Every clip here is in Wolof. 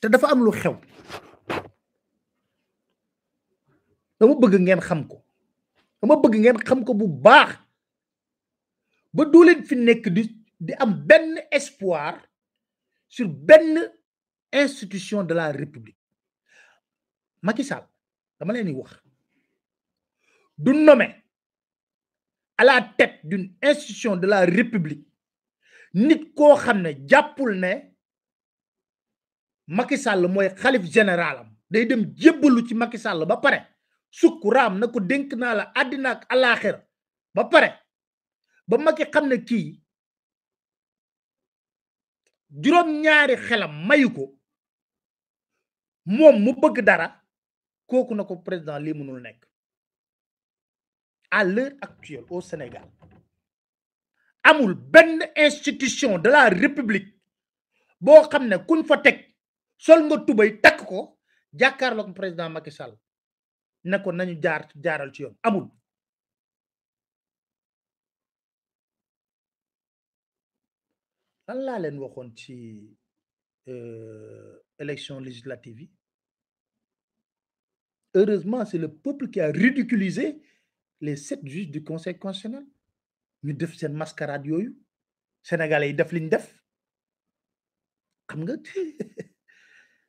te dafa am lu xew dama bëgg ngeen xam ko dama bëgg ngeen xam ko bu baax espoir sur institution de la république dama leen wax nommé à la tête d'une institution de la république nit koo ne Macky Sall mooy xalif généralam day dem jébbalu ci Macky Sall ba pare sukk raam na ko dénk naa la àddina ak ba pare ba Macky xam ne kii juróom-ñaari xelam mayu ko moom mu bëgg dara kooku na ko président lii mënul nekk à l'heure actuelle au Sénégal amul benn institution de la République boo xam ne kuñ fa tek sol nga tubay takk ko président Macky Sall ne ko nañu jaar jaaral ci yoon amul lan laa leen waxoon ci euh, élection législative heureusement c'est le peuple qui a ridiculisé les sept juges du conseil constitutionnel ñu def seen mascarade yooyu sénégalais yi def liñ def xam nga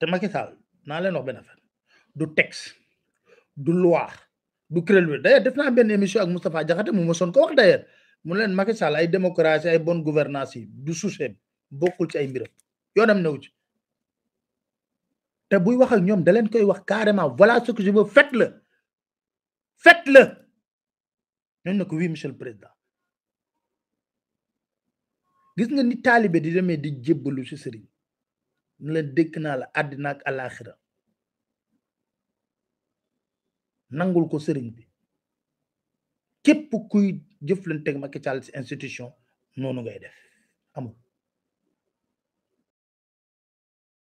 te Macky naa leen wax benn affaire du texte du loi du kuréel bi d'ailleurs def naa benn émission ak Moustapha Diakhaté mu mosoon ko wax d'ailleurs mu leen Macky ay démocratie ay bonne gouvernance yi du souci bokkul ci ay mbiram yoonam newu ci te buy wax ñoom da leen koy wax carrément voilà ce que je veux faites-le faites-le ñoom ne ko oui monsieur le président gis nga ni taalibe di deme di jébbalu ci sëriñ ne leen dékk naa la àddina ak alaaxira nangul ko sëriñ bi képp kuy jëflanteeg Macky Sall ci institution noonu ngay def amul